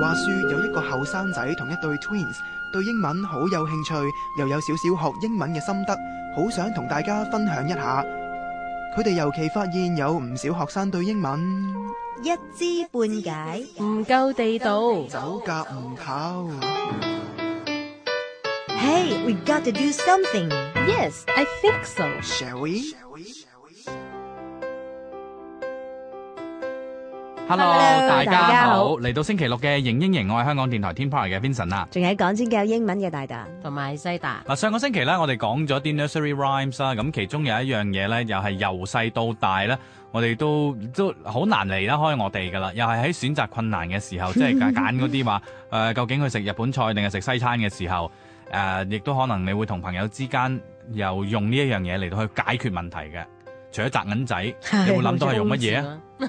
話說有一個後生仔同一對 twins，對英文好有興趣，又有少少學英文嘅心得，好想同大家分享一下。佢哋尤其發現有唔少學生對英文一知半解，唔夠地道，走夾唔透。Hey, we got to do something. Yes, I think so. Shall we? Hello，Hello 大家好，嚟到星期六嘅《迎英迎我》係香港電台天播嘅 Vincent 啊，仲喺講先嘅英文嘅大達同埋西達。嗱，上個星期咧，我哋講咗啲 Nursery Rhymes 啦，咁其中有一樣嘢咧，又係由細到大咧，我哋都都好難離得開我哋噶啦。又係喺選擇困難嘅時候，即係揀嗰啲話，究竟去食日本菜定係食西餐嘅時候，呃，亦都可能你會同朋友之間又用呢一樣嘢嚟到去解決問題嘅。除咗擲銀仔， 你會諗到係用乜嘢啊？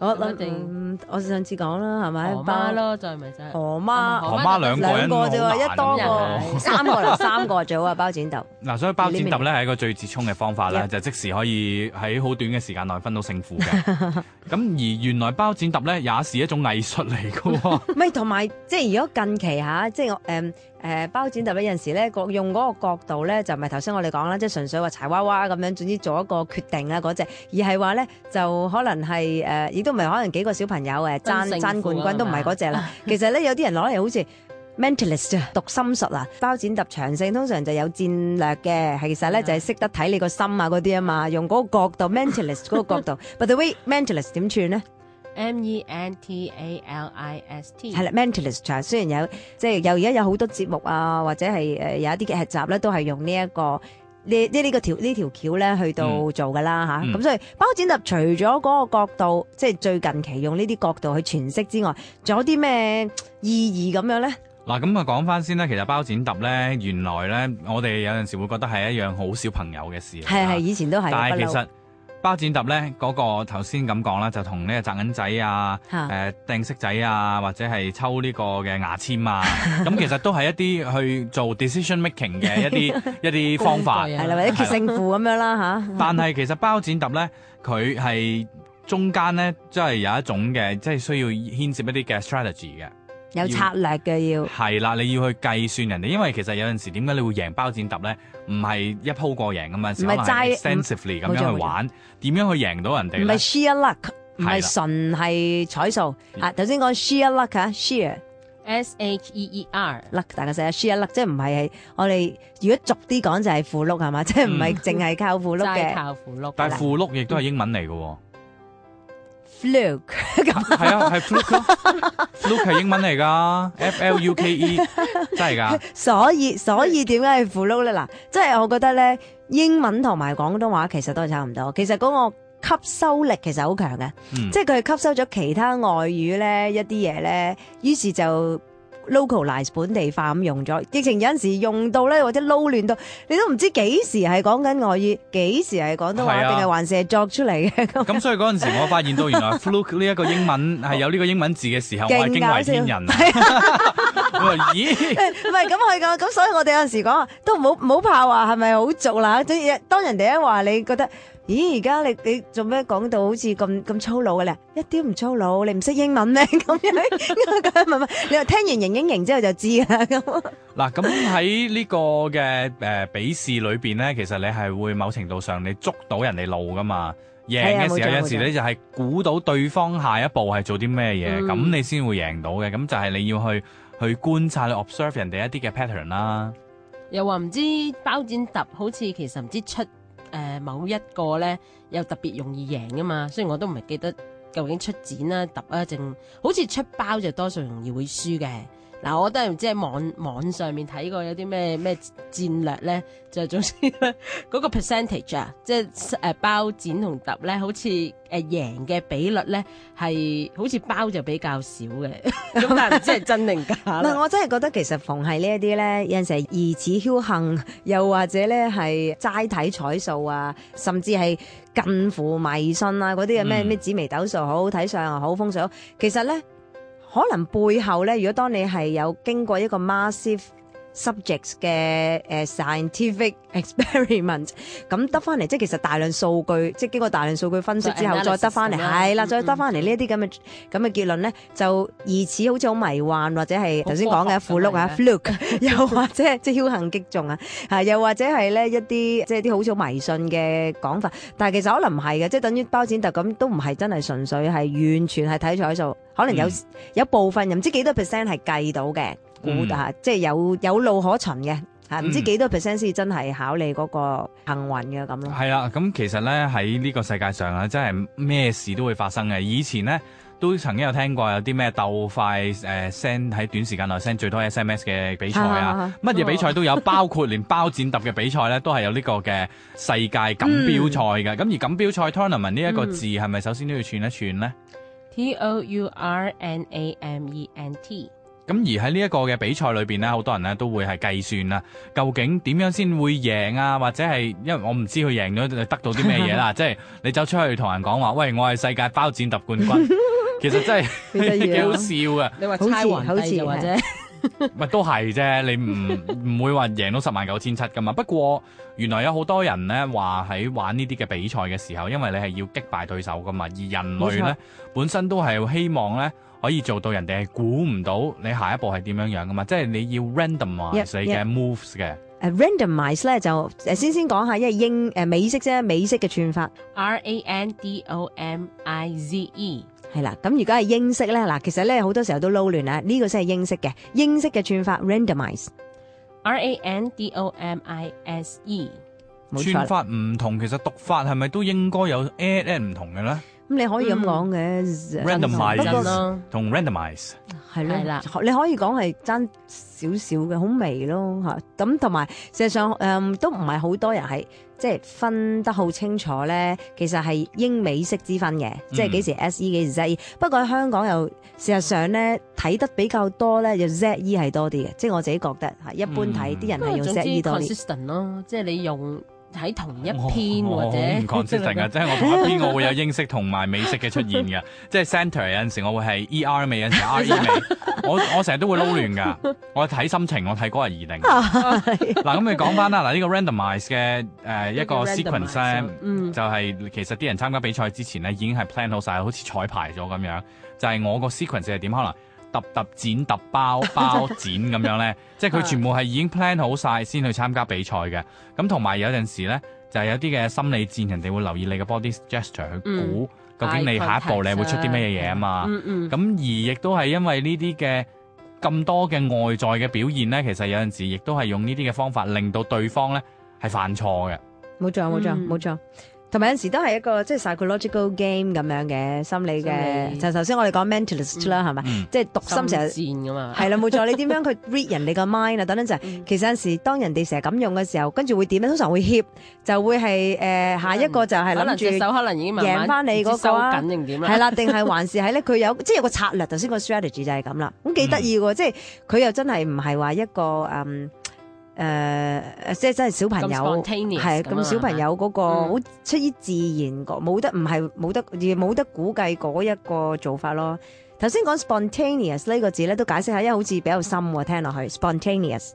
我定、嗯、我上次講啦，係咪？爸咯，就係咪真係？我媽，我媽兩個，人兩個就，一個啫喎，一多過三個，三個組啊！包剪揼。嗱、啊，所以包剪揼咧係一個最折衷嘅方法啦，邊就是即時可以喺好短嘅時間內分到勝負嘅。咁 而原來包剪揼咧也係一種藝術嚟嘅喎。唔係同埋即係如果近期吓、啊，即係我、嗯誒、呃、包剪揼有陣時咧，用嗰個角度咧就唔係頭先我哋講啦，即純粹話柴娃娃咁樣，總之做一個決定啦嗰隻，而係話咧就可能係誒，亦都唔係可能幾個小朋友誒爭爭冠軍都唔係嗰隻啦。 其實咧有啲人攞嚟好似 mentalist 讀心術啊，包剪揼長勝通常就有戰略嘅，其實咧 就係識得睇你個心啊嗰啲啊嘛，用嗰個角度 mentalist 嗰個角度 ，but the way mentalist 點串咧？M E N T A L I S T 係啦，mentalist 啊，Mental ist，雖然有即係有而家有好多節目啊，或者係誒有一啲嘅劇集咧，都係用呢一個呢呢、呢個條呢條橋咧去到做㗎啦嚇。咁、嗯啊、所以包剪揼除咗嗰個角度，即係最近期用呢啲角度去詮釋之外，仲有啲咩意義咁樣咧？嗱、嗯，咁啊講翻先啦。其實包剪揼咧，原來咧，我哋有陣時會覺得係一樣好小朋友嘅事。係係，以前都係。但係一向 其實。包剪揼咧嗰個頭先咁講啦，就同呢個擲銀仔啊、誒、呃、掟色仔啊，或者係抽呢個嘅牙籤啊，咁 其實都係一啲去做 decision making 嘅一啲 一啲方法，係啦， 或者決勝負咁樣啦 但係其實包剪揼咧，佢係中間咧，即、就、係、是、有一種嘅，即、就、係、是、需要牽涉一啲嘅 strategy 嘅。有策略嘅要，係啦，你要去計算人哋，因為其實有陣時點解你會贏包剪揼咧？唔係一鋪過贏咁啊，唔係齋 sensibly 咁去玩，點樣去贏到人哋？唔係 sheer luck，唔係純係彩數吓。頭先講 sheer luck 啊，sheer s h e e r luck，大家識啊，sheer luck，即係唔係我哋如果逐啲講就係副碌，係嘛，即係唔係淨係靠副碌嘅，靠副碌。但係副碌亦都係英文嚟嘅。fluke 咁，係啊，係 fluke 咯，fluke 係英文嚟噶 ，f l u k e 真係噶。所以所以點解係 fluke 咧？嗱、啊，即係我覺得咧，英文同埋廣東話其實都係差唔多。其實嗰個吸收力其實好強嘅，嗯、即係佢吸收咗其他外語咧一啲嘢咧，於是就。Localize 本地化咁用咗，疫情有陣時用到咧，或者撈亂到，你都唔知幾時係講緊外語，幾時係廣東話，定係、啊、還是係作出嚟嘅。咁所以嗰陣時，我發現到原來 fluke 呢一個英文係有呢個英文字嘅時候，我係驚為天人啊！咦？唔係咁可以，咁所以我哋有陣時講唔都唔好怕話係咪好俗啦？即係當人哋一話，你覺得。咦，而家你你做咩講到好似咁咁粗魯嘅咧？一啲都唔粗魯，你唔識英文咩？咁樣咁唔係你話聽完營營營之後就知啦咁。嗱、啊，咁喺呢個嘅誒、呃、比試裏邊咧，其實你係會某程度上你捉到人哋路噶嘛，贏嘅時候有時咧就係估到對方下一步係做啲咩嘢，咁、嗯、你先會贏到嘅。咁就係你要去去觀察、observe 人哋一啲嘅 pattern 啦。又話唔知道包剪揼，好似其實唔知道出。誒、呃、某一個咧，又特別容易贏噶嘛，雖然我都唔係記得究竟出展啦、揼啊，正好似出包就多數容易會輸嘅。嗱、啊，我都係唔知係網網上面睇過有啲咩咩戰略咧，就是、總之咧嗰、那個 percentage 啊，即、就、係、是、包剪同揼咧，好似誒贏嘅比率咧係好似包就比較少嘅，咁 但係唔知係真定假。嗱， 我真係覺得其實逢係呢一啲咧，有陣時疑似僥幸，又或者咧係齋睇彩數啊，甚至係近乎迷信啊嗰啲嘅咩咩紫微斗數，好睇相啊，好，好風水好，其實咧。可能背後咧，如果當你係有經過一個 massive subjects 嘅誒 scientific experiment 咁得翻嚟，即係其實大量數據，即係經過大量數據分析之後，再得翻嚟，係啦，再得翻嚟呢一啲咁嘅咁嘅結論咧，就疑似好似好迷幻，或者係頭先講嘅 fluke 啊，fluke，又或者即係僥倖擊中啊，係又或者係咧一啲即係啲好似好迷信嘅講法，但係其實可能唔係嘅，即係等於包剪突咁，都唔係真係純粹係完全係睇彩數，可能有有部分唔知幾多 percent 係計到嘅。估啊，嗯、即係有有路可循嘅，吓唔、嗯、知幾多 percent 先真係考你嗰個幸運嘅咁咯。係啦，咁其實咧喺呢個世界上咧，真係咩事都會發生嘅。以前呢，都曾經有聽過有啲咩鬥快誒 send 喺短時間內 send 最多 SMS 嘅比賽啊，乜、啊、嘢、啊、比賽都有，哦、包括連包剪揼嘅比賽咧 都係有呢個嘅世界錦標賽嘅。咁、嗯、而錦標賽 tournament 呢一個字係咪、嗯、首先都要串一串咧？T O U R N A M E N T 咁而喺呢一個嘅比賽裏邊咧，好多人咧都會係計算啦，究竟點樣先會贏啊？或者係因為我唔知佢贏咗得到啲咩嘢啦， 即係你走出去同人講話，喂，我係世界包剪揼冠軍， 其實真係幾 好笑嘅。你話猜云或者咪都係啫？你唔唔會話贏到十萬九千七噶嘛？不過原來有好多人咧話喺玩呢啲嘅比賽嘅時候，因為你係要擊敗對手噶嘛，而人類咧錯本身都係希望咧。可以做到人哋係估唔到你下一步係點樣樣噶嘛？即係你要 randomize 你嘅 moves 嘅。randomize 咧就誒先先講一下，因為英誒美式啫，美式嘅串法。R A N D O M I Z E 係啦。咁、嗯、如果係英式咧，嗱其實咧好多時候都撈亂啊！呢個先係英式嘅，英式嘅串法 randomise R A N D O M I S E 串法唔同，其實讀法係咪都應該有 at 唔同嘅咧？咁你可以咁講嘅，randomize 不過同 randomize 係啦，你可以講係爭少少嘅，好微，微咯嚇。咁同埋事實上誒、嗯，都唔係好多人係即係分得好清楚咧。其實係英美式之分嘅，嗯、即係幾時 SE 幾時 ZE。不過喺香港又事實上咧睇得比較多咧、e，就 ZE 係多啲嘅。即係我自己覺得嚇，一般睇啲人係用 ZE 多啲。consistent 咯，即係你用。喺同一篇或者，唔 consistent 即係我同一篇我會有英式同埋美式嘅出現嘅， 即係 c e n t e r 有陣時我會係 E R 尾，有陣時 R E 尾，我我成日都會撈亂噶，我睇心情，我睇嗰日而定。嗱、 啊，咁你講翻啦，嗱呢、呢個 r a n d o m i z e 嘅誒、呃、 一個 sequence 就係其實啲人參加比賽之前呢已經係 plan 好晒，嗯、好似彩排咗咁樣，就係、是、我個 sequence 係點可能？揼揼剪揼包包剪咁樣咧， 即係佢全部係已經 plan 好晒先去參加比賽嘅。咁同埋有陣時咧，就係、是、有啲嘅心理戰，人哋會留意你嘅 body gesture 去估究竟你下一步你會出啲咩嘢嘢啊嘛。咁、嗯嗯、而亦都係因為呢啲嘅咁多嘅外在嘅表現咧，其實有陣時亦都係用呢啲嘅方法令到對方咧係犯錯嘅。冇錯，冇錯，冇錯、嗯。同埋有時都係一個即係 psychological game 咁樣嘅心理嘅，就頭先我哋講 mentalist 啦，係咪？即係讀心成日賤咁嘛係啦，冇錯你點樣佢 read 人哋個 mind 啊，等等就係其實有時當人哋成日咁用嘅時候，跟住會點咧？通常會怯就會係誒下一個就係諗住贏返你嗰個啊，收緊定點啦？係啦，定係還是係咧？佢有即係有個策略，頭先個 strategy 就係咁啦。咁幾得意喎！即係佢又真係唔係話一個誒。誒，uh, 即係真係小朋友，係啊，咁小朋友嗰個好出於自然冇、嗯、得唔係冇得冇得估計嗰一個做法咯。頭先講 spontaneous 呢個字咧，都解釋下，因為好似比較深喎，嗯、聽落去 spontaneous。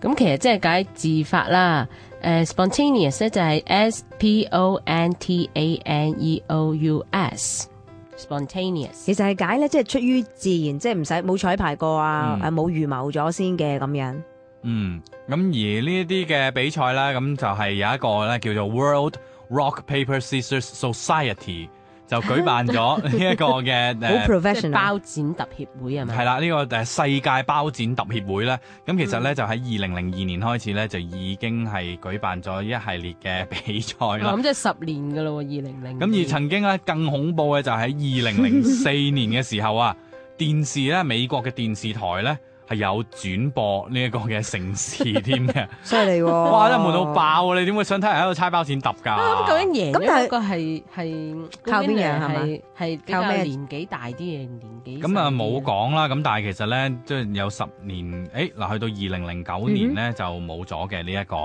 咁其實即係解自發啦，誒、呃、spontaneous 咧就係 s p o n t a n e o u s，spontaneous。其實解咧即係出於自然，即係唔使冇彩排過啊，誒冇、嗯啊、預謀咗先嘅咁樣。嗯。咁而呢一啲嘅比賽呢，咁就係有一個咧叫做 World Rock Paper Scissors Society，就舉辦咗呢一個嘅誒， 專業呃、即係包剪揼協會係咪？係啦，呢、呢個世界包剪揼協會咧，咁其實咧、嗯、就喺二零零二年開始咧就已經係舉辦咗一系列嘅比賽啦。咁、啊、即係十年㗎咯喎，二零零。咁而曾經咧更恐怖嘅就喺二零零四年嘅時候啊， 電視咧美國嘅電視台咧。係有轉播呢一個嘅城市添嘅，犀利喎！哇，真係悶到爆！你點會想睇人喺度猜包錢揼㗎？咁、嗯嗯、究竟贏咗嗰個係係靠邊樣係咪？係靠咩？年紀大啲嘅年紀。咁啊冇講啦，咁、嗯、但係其實咧，即係有十年，誒、欸、嗱，去到二零零九年咧就冇咗嘅呢一個。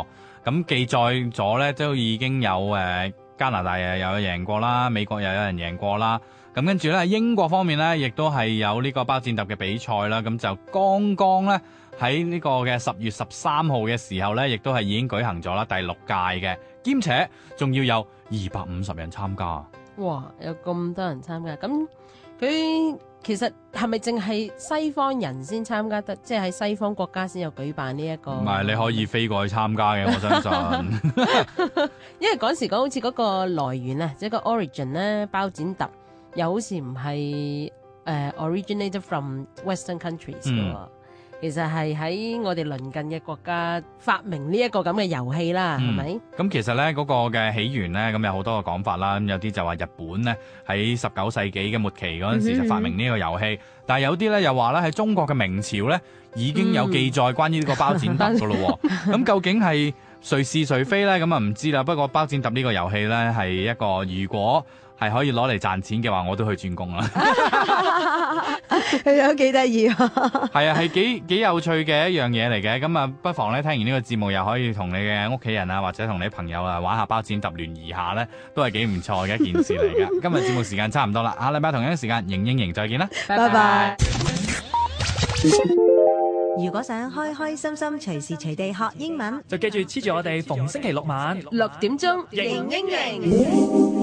咁記載咗咧都已經有誒加拿大又有贏過啦，美國又有，有人贏過啦。咁跟住咧，英國方面咧，亦都係有呢個包剪揼嘅比賽啦。咁就剛剛咧喺呢個嘅十月十三號嘅時候咧，亦都係已經舉行咗啦第六屆嘅，兼且仲要有二百五十人參加。哇！有咁多人參加，咁佢其實係咪淨係西方人先參加得？即係喺西方國家先有舉辦呢一個？唔係，你可以飛過去參加嘅，我相信。 因為嗰時講好似嗰個來源啊，即係個 origin 咧包剪揼。有時唔係，誒 originated from Western countries 嘅喎，其實係喺我哋鄰近嘅國家發明呢一個咁嘅遊戲啦，係咪？咁其實咧，嗰個嘅起源咧，咁有好多嘅講法啦。咁有啲就話日本咧喺十九世紀嘅末期嗰陣時就發明呢個遊戲，但係有啲咧又話咧喺中國嘅明朝咧已經有記載關於呢個包剪揼嘅咯。咁究竟係誰是誰非咧？咁就唔知啦。不過包剪揼呢個遊戲咧係一個如果。係可以攞嚟賺錢嘅話，我都去轉工啦。係有幾得意。係啊，係幾幾有趣嘅一樣嘢嚟嘅。咁啊，不妨咧聽完呢個節目，又可以同你嘅屋企人啊，或者同你朋友啊玩一下包剪揼亂移下咧，都係幾唔錯嘅一件事嚟嘅。 今日節目時間差唔多啦，下禮拜同樣嘅時間，認英認，再見啦，拜拜 bye。如果想開開心心隨時隨地學英文，嗯、就記住黐住我哋逢星期六晚六點鐘認英認。